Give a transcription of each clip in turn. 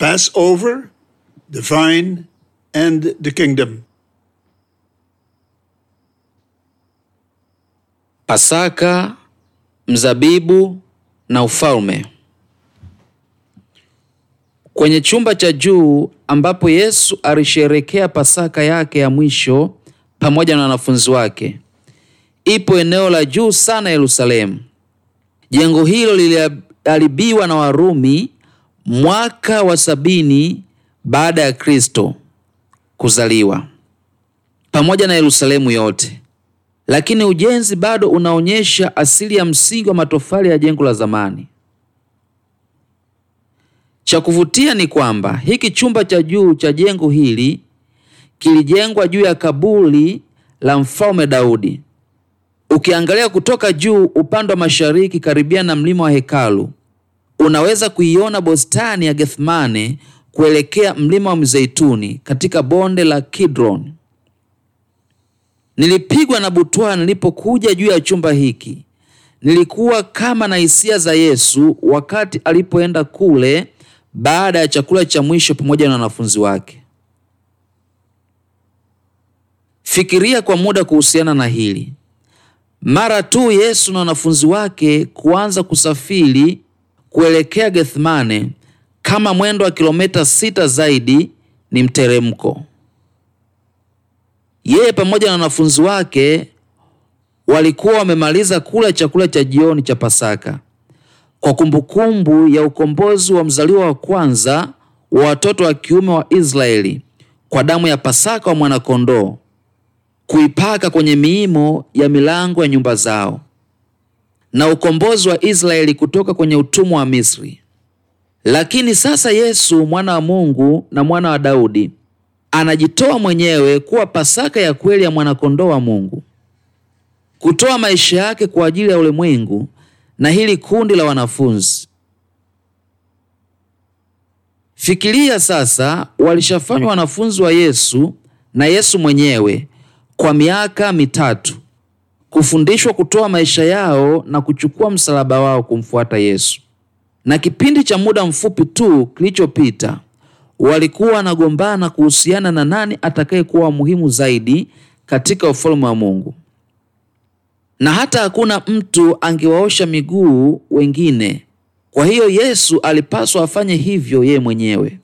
Passover, the vine, and the kingdom. Pasaka, mzabibu na ufalme. Kwenye chumba cha juu ambapo Yesu alisherekea Pasaka yake ya mwisho pamoja na wanafunzi wake, ipo eneo la juu sana Yerusalemu. Jengo hilo liliharibiwa na Warumi mwaka wa sabini baada ya Kristo kuzaliwa pamoja na Yerusalemu yote, lakini ujenzi bado unaonyesha asili ya msingi wa matofali ya jengo la zamani. Cha kuvutia ni kwamba hiki chumba cha juu cha jengo hili kilijengwa juu ya kaburi la mfalme Daudi. Ukiangalia kutoka juu upande wa mashariki, karibia na mlima wa hekalu, Unaweza kuiona bustani ya Gethsemane kuelekea mlima wa Mizeituni katika bonde la Kidron. Nilipigwa na butwaa nilipokuja juu ya chumba hiki. Nilikuwa kama na hisia za Yesu wakati alipoenda kule baada ya chakula cha mwisho pamoja na wanafunzi wake. Fikiria kwa muda kuhusiana na hili. Mara tu Yesu na wanafunzi wake kuanza kusafiri kuelekea Gethsemane kama mwendo wa kilomita sita zaidi ni mteremko. Yeye pamoja na wanafunzi wake walikuwa wamemaliza kula chakula cha jioni cha Pasaka kwa kumbukumbu ya ukombozi wa mzaliwa wa kwanza wa watoto wa kiume wa Israeli kwa damu ya Pasaka wa mwanakondoo kuipaka kwenye miimo ya milango ya nyumba zao na ukombozi wa Israeli kutoka kwenye utumwa wa Misri. Lakini sasa Yesu mwana wa Mungu na mwana wa Daudi anajitoa mwenyewe kuwa Pasaka ya kweli ya mwanakondoo wa Mungu, kutoa maisha yake kwa ajili ya ulimwengu na hili kundi la wanafunzi. Fikiria sasa, walishafanywa wanafunzi wa Yesu na Yesu mwenyewe kwa miaka mitatu kufundishwa kutoa maisha yao na kuchukua msalaba wao kumfuata Yesu. Na kipindi cha muda mfupi tu kilichopita, walikuwa wanagombana kuhusiana na nani atakayekuwa muhimu zaidi katika ufalme wa Mungu, na hata hakuna mtu angewaosha miguu wengine. Kwa hiyo Yesu alipaswa afanye hivyo yeye mwenyewe.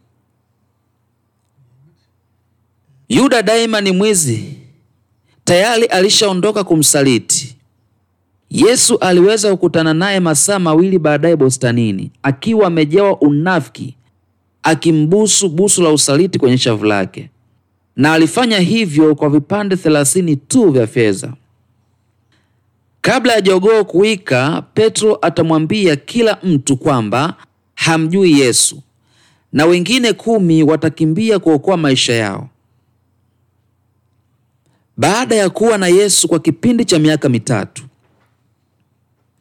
Yuda daima ni mwizi tayari alishaondoka kumsaliti. Yesu aliweza kukutana naye masaa mawili baadaye bustanini, akiwa amejawa unafiki, akimbusu busu la usaliti kwenye shavu lake, na alifanya hivyo kwa vipande thelathini tu vya fedha. Kabla ya jogoo kuwika, Petro atamwambia kila mtu kwamba hamjui Yesu, na wengine kumi watakimbia kuokoa maisha yao. Baada ya kuwa na Yesu kwa kipindi cha miaka mitatu,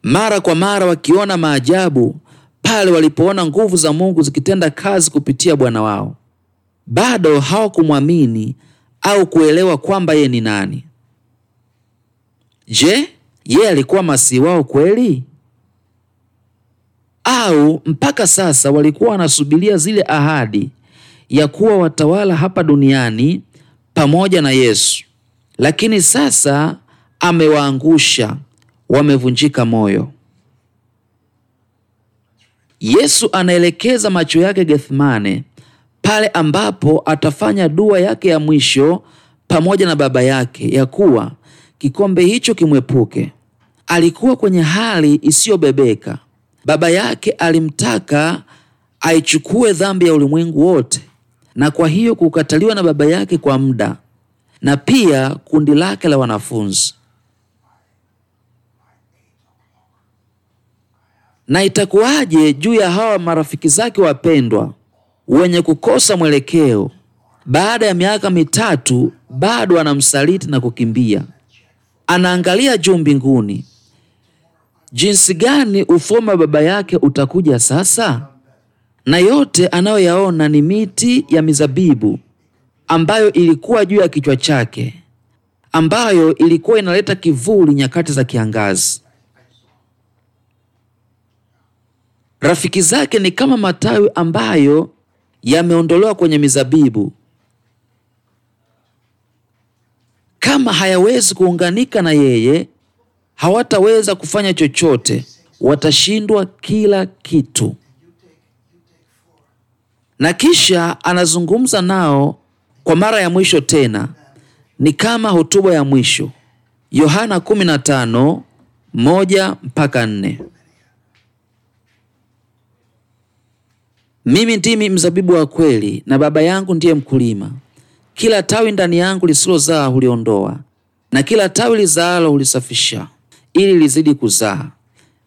mara kwa mara wakiona maajabu pale walipoona nguvu za Mungu zikitenda kazi kupitia Bwana wao, bado hawakumwamini au kuelewa kwamba yeye ni nani. Je, yeye alikuwa masihi wao kweli? Au mpaka sasa walikuwa wanasubiria zile ahadi ya kuwa watawala hapa duniani pamoja na Yesu lakini sasa amewaangusha, wamevunjika moyo. Yesu anaelekeza macho yake Gethsemane, pale ambapo atafanya dua yake ya mwisho pamoja na Baba yake ya kuwa kikombe hicho kimwepuke. Alikuwa kwenye hali isiyobebeka. Baba yake alimtaka aichukue dhambi ya ulimwengu wote, na kwa hiyo kukataliwa na Baba yake kwa muda na pia kundi lake la wanafunzi, na itakuwaje juu ya hawa marafiki zake wapendwa wenye kukosa mwelekeo, baada ya miaka mitatu bado anamsaliti na kukimbia. Anaangalia juu mbinguni, jinsi gani ufoma wa baba yake utakuja sasa, na yote anayoyaona ni miti ya mizabibu ambayo ilikuwa juu ya kichwa chake, ambayo ilikuwa inaleta kivuli nyakati za kiangazi. Rafiki zake ni kama matawi ambayo yameondolewa kwenye mizabibu. Kama hayawezi kuunganika na yeye, hawataweza kufanya chochote, watashindwa kila kitu. Na kisha anazungumza nao kwa mara ya mwisho tena, ni kama hotuba ya mwisho. Yohana 15 moja mpaka nne. Mimi ndimi mzabibu wa kweli, na Baba yangu ndiye mkulima. Kila tawi ndani yangu lisilozaa huliondoa, na kila tawi lizaalo hulisafisha, ili lizidi kuzaa.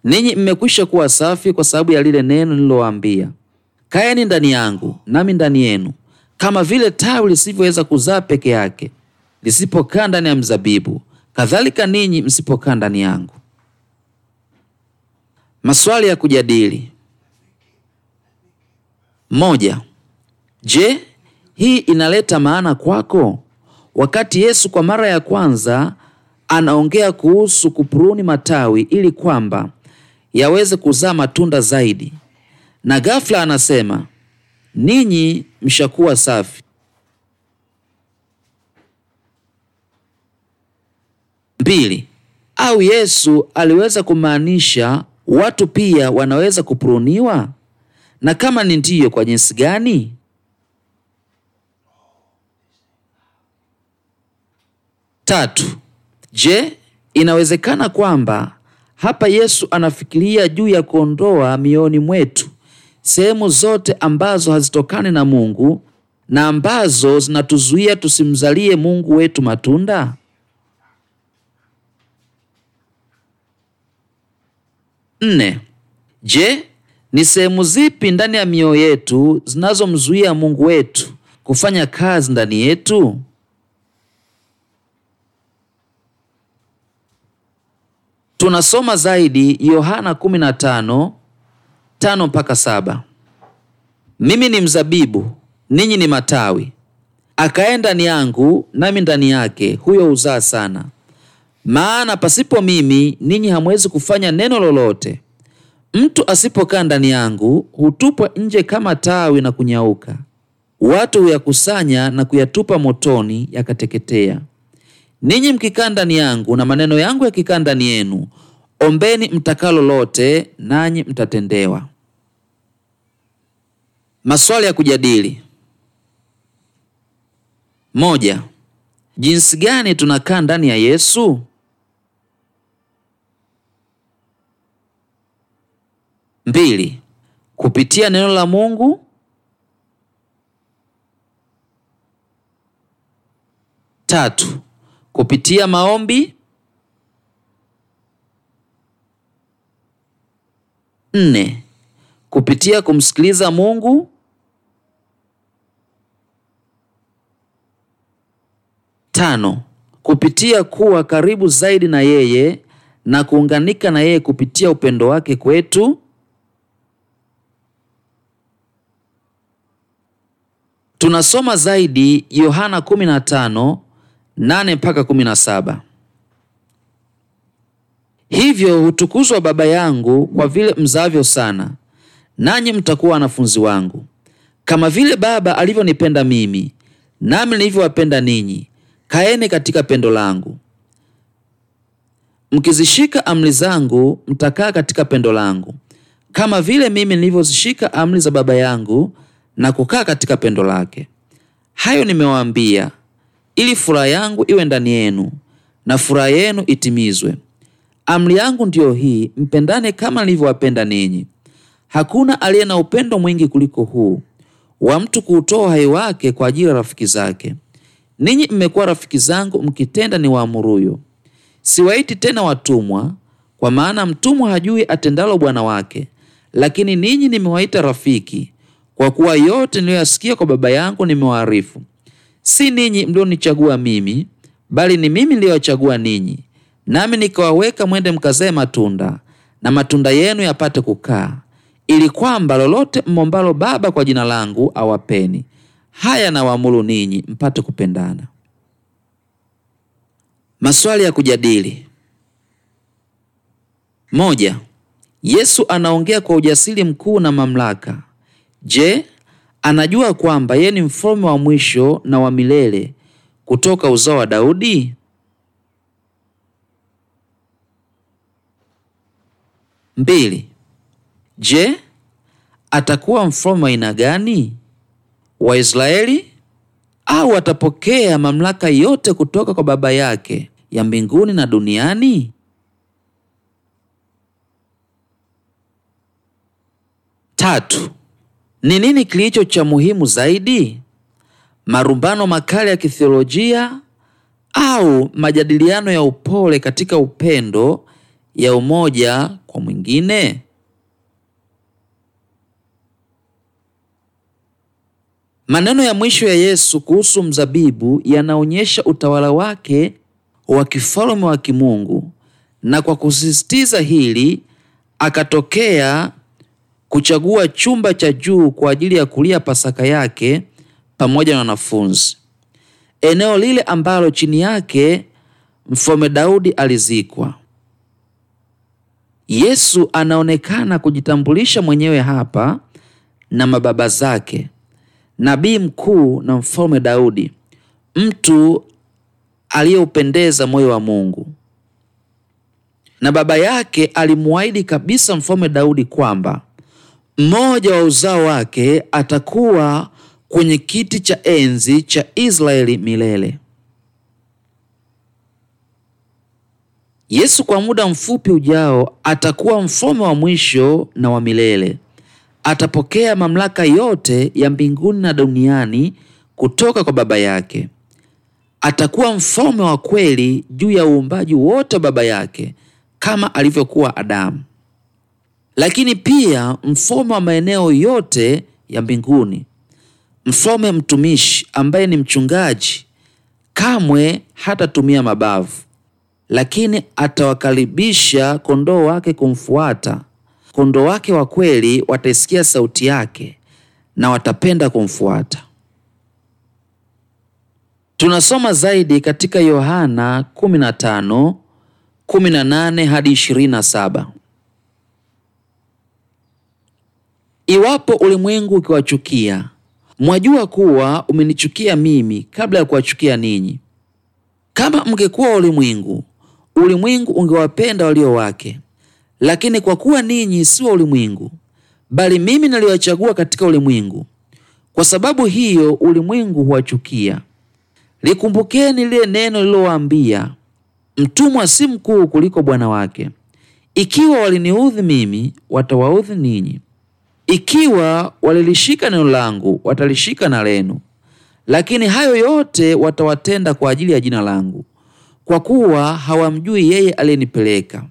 Ninyi mmekwisha kuwa safi kwa sababu ya lile neno nililowaambia. Kaeni ndani yangu, nami ndani yenu. Kama vile tawi lisivyoweza kuzaa peke yake lisipokaa ndani ya mzabibu, kadhalika ninyi msipokaa ndani yangu. Maswali ya kujadili: moja. Je, hii inaleta maana kwako? Wakati Yesu kwa mara ya kwanza anaongea kuhusu kupuruni matawi ili kwamba yaweze kuzaa matunda zaidi, na ghafla anasema ninyi mshakuwa safi. Mbili, au Yesu aliweza kumaanisha watu pia wanaweza kupruniwa, na kama ni ndiyo, kwa jinsi gani? Tatu, je, inawezekana kwamba hapa Yesu anafikiria juu ya kuondoa mioni mwetu sehemu zote ambazo hazitokani na Mungu na ambazo zinatuzuia tusimzalie Mungu wetu matunda? Nne. Je, ni sehemu zipi ndani ya mioyo yetu zinazomzuia Mungu wetu kufanya kazi ndani yetu? Tunasoma zaidi Yohana 15 tano mpaka saba. Mimi ni mzabibu, ninyi ni matawi. akaye ndani yangu, nami ndani yake, huyo huzaa sana. Maana pasipo mimi ninyi hamwezi kufanya neno lolote. Mtu asipokaa ndani yangu, hutupwa nje kama tawi na kunyauka. Watu huyakusanya na kuyatupa motoni, yakateketea. Ninyi mkikaa ndani yangu na maneno yangu yakikaa ndani yenu Ombeni mtakalo lote nanyi mtatendewa. Maswali ya kujadili: moja. Jinsi gani tunakaa ndani ya Yesu? mbili. Kupitia neno la Mungu. tatu. Kupitia maombi. Nne, kupitia kumsikiliza Mungu. Tano, kupitia kuwa karibu zaidi na yeye na kuunganika na yeye kupitia upendo wake kwetu. Tunasoma zaidi Yohana 15:8 mpaka 17. Hivyo hutukuzwa Baba yangu kwa vile mzavyo sana, nanyi mtakuwa wanafunzi wangu. Kama vile Baba alivyonipenda mimi, nami nilivyowapenda ninyi, kaeni katika pendo langu. Mkizishika amri zangu, mtakaa katika pendo langu, kama vile mimi nilivyozishika amri za Baba yangu na kukaa katika pendo lake. Hayo nimewaambia ili furaha yangu iwe ndani yenu na furaha yenu itimizwe. Amri yangu ndiyo hii, mpendane kama nilivyowapenda ninyi. Hakuna aliye na upendo mwingi kuliko huu, wa mtu kuutoa uhai wake kwa ajili ya rafiki zake. Ninyi mmekuwa rafiki zangu mkitenda ni waamuruyo Siwaiti tena watumwa, kwa maana mtumwa hajui atendalo bwana wake, lakini ninyi nimewaita rafiki, kwa kuwa yote niliyoyasikia kwa Baba yangu nimewaarifu. Si ninyi mlionichagua mimi, bali ni mimi niliyowachagua ninyi nami nikawaweka mwende mkazee matunda na matunda yenu yapate kukaa, ili kwamba lolote mmombalo Baba kwa jina langu awapeni. Haya nawaamuru ninyi, mpate kupendana. Maswali ya kujadili: moja. Yesu anaongea kwa ujasiri mkuu na mamlaka. Je, anajua kwamba yeye ni mfalme wa mwisho na wa milele kutoka uzao wa Daudi? mbili. Je, atakuwa mfalme wa aina gani? Wa Israeli au atapokea mamlaka yote kutoka kwa Baba yake ya mbinguni na duniani? Tatu, ni nini kilicho cha muhimu zaidi? Marumbano makali ya kithiolojia au majadiliano ya upole katika upendo ya umoja kwa mwingine? Maneno ya mwisho ya Yesu kuhusu mzabibu yanaonyesha utawala wake wa kifalme wa kimungu, na kwa kusisitiza hili akatokea kuchagua chumba cha juu kwa ajili ya kulia Pasaka yake pamoja na wanafunzi, eneo lile ambalo chini yake Mfalme Daudi alizikwa. Yesu anaonekana kujitambulisha mwenyewe hapa na mababa zake, nabii mkuu na mfalme Daudi, mtu aliyeupendeza moyo wa Mungu. Na baba yake alimwahidi kabisa mfalme Daudi kwamba mmoja wa uzao wake atakuwa kwenye kiti cha enzi cha Israeli milele. Yesu kwa muda mfupi ujao atakuwa mfalme wa mwisho na wa milele. Atapokea mamlaka yote ya mbinguni na duniani kutoka kwa Baba yake. Atakuwa mfalme wa kweli juu ya uumbaji wote wa Baba yake kama alivyokuwa Adamu, lakini pia mfalme wa maeneo yote ya mbinguni, mfalme mtumishi ambaye ni mchungaji, kamwe hatatumia mabavu lakini atawakaribisha kondoo wake kumfuata. Kondoo wake wa kweli wataisikia sauti yake na watapenda kumfuata. Tunasoma zaidi katika Yohana 15:18 hadi 27. Iwapo ulimwengu ukiwachukia, mwajua kuwa umenichukia mimi kabla ya kuwachukia ninyi. Kama mngekuwa ulimwengu, ulimwengu ungewapenda walio wake. Lakini kwa kuwa ninyi si wa ulimwengu, bali mimi naliwachagua katika ulimwengu, kwa sababu hiyo ulimwengu huwachukia. Likumbukeni lile neno lililowaambia, mtumwa si mkuu kuliko bwana wake. Ikiwa waliniudhi mimi, watawaudhi ninyi; ikiwa walilishika neno langu, watalishika na lenu. Lakini hayo yote watawatenda kwa ajili ya jina langu, kwa kuwa hawamjui yeye aliyenipeleka.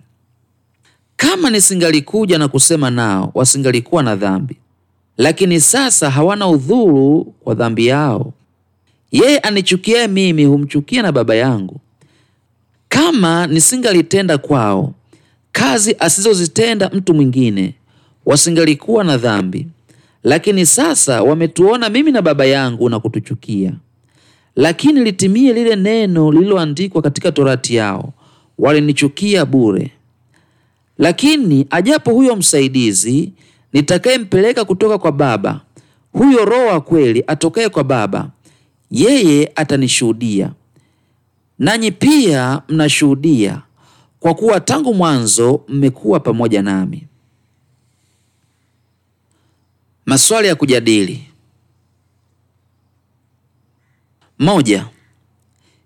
Kama nisingalikuja na kusema nao, wasingalikuwa na dhambi, lakini sasa hawana udhuru kwa dhambi yao. Yeye anichukiaye mimi humchukia na Baba yangu. Kama nisingalitenda kwao kazi asizozitenda mtu mwingine, wasingalikuwa na dhambi, lakini sasa wametuona mimi na Baba yangu na kutuchukia lakini litimie lile neno lililoandikwa katika torati yao, walinichukia bure. Lakini ajapo huyo msaidizi nitakayempeleka kutoka kwa Baba, huyo Roho wa kweli atokaye kwa Baba, yeye atanishuhudia. Nanyi pia mnashuhudia, kwa kuwa tangu mwanzo mmekuwa pamoja nami. Maswali ya kujadili. Moja,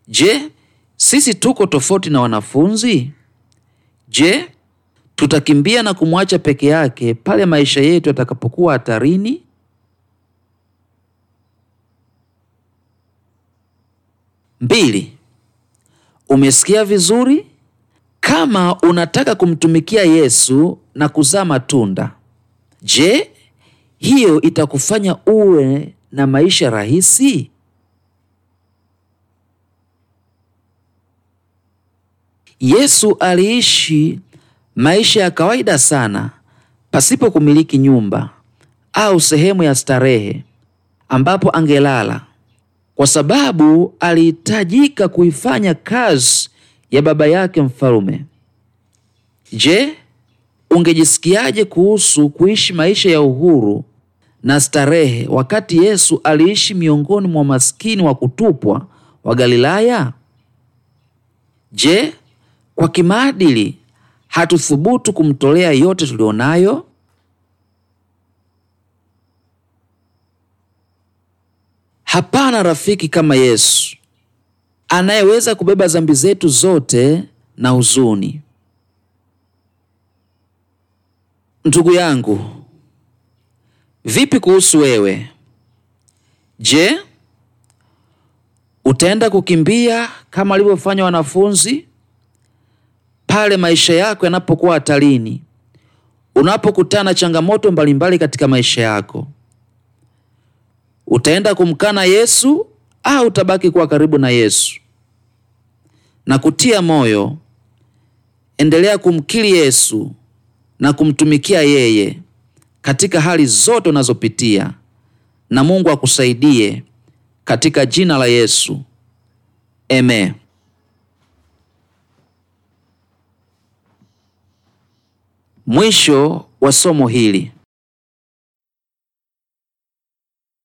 je, sisi tuko tofauti na wanafunzi? Je, tutakimbia na kumwacha peke yake pale maisha yetu yatakapokuwa hatarini? Mbili, umesikia vizuri. Kama unataka kumtumikia Yesu na kuzaa matunda, je, hiyo itakufanya uwe na maisha rahisi? Yesu aliishi maisha ya kawaida sana pasipo kumiliki nyumba au sehemu ya starehe ambapo angelala, kwa sababu alihitajika kuifanya kazi ya Baba yake Mfalme. Je, ungejisikiaje kuhusu kuishi maisha ya uhuru na starehe wakati Yesu aliishi miongoni mwa maskini wa kutupwa wa Galilaya? Je, kwa kimaadili hatuthubutu kumtolea yote tulionayo Hapana rafiki kama Yesu anayeweza kubeba dhambi zetu zote na huzuni. Ndugu yangu, vipi kuhusu wewe? Je, utaenda kukimbia kama walivyofanya wanafunzi pale maisha yako yanapokuwa hatarini, unapokutana changamoto mbalimbali katika maisha yako, utaenda kumkana Yesu au utabaki kuwa karibu na Yesu? Na kutia moyo, endelea kumkiri Yesu na kumtumikia yeye katika hali zote unazopitia, na Mungu akusaidie katika jina la Yesu. Amen. Mwisho wa somo hili.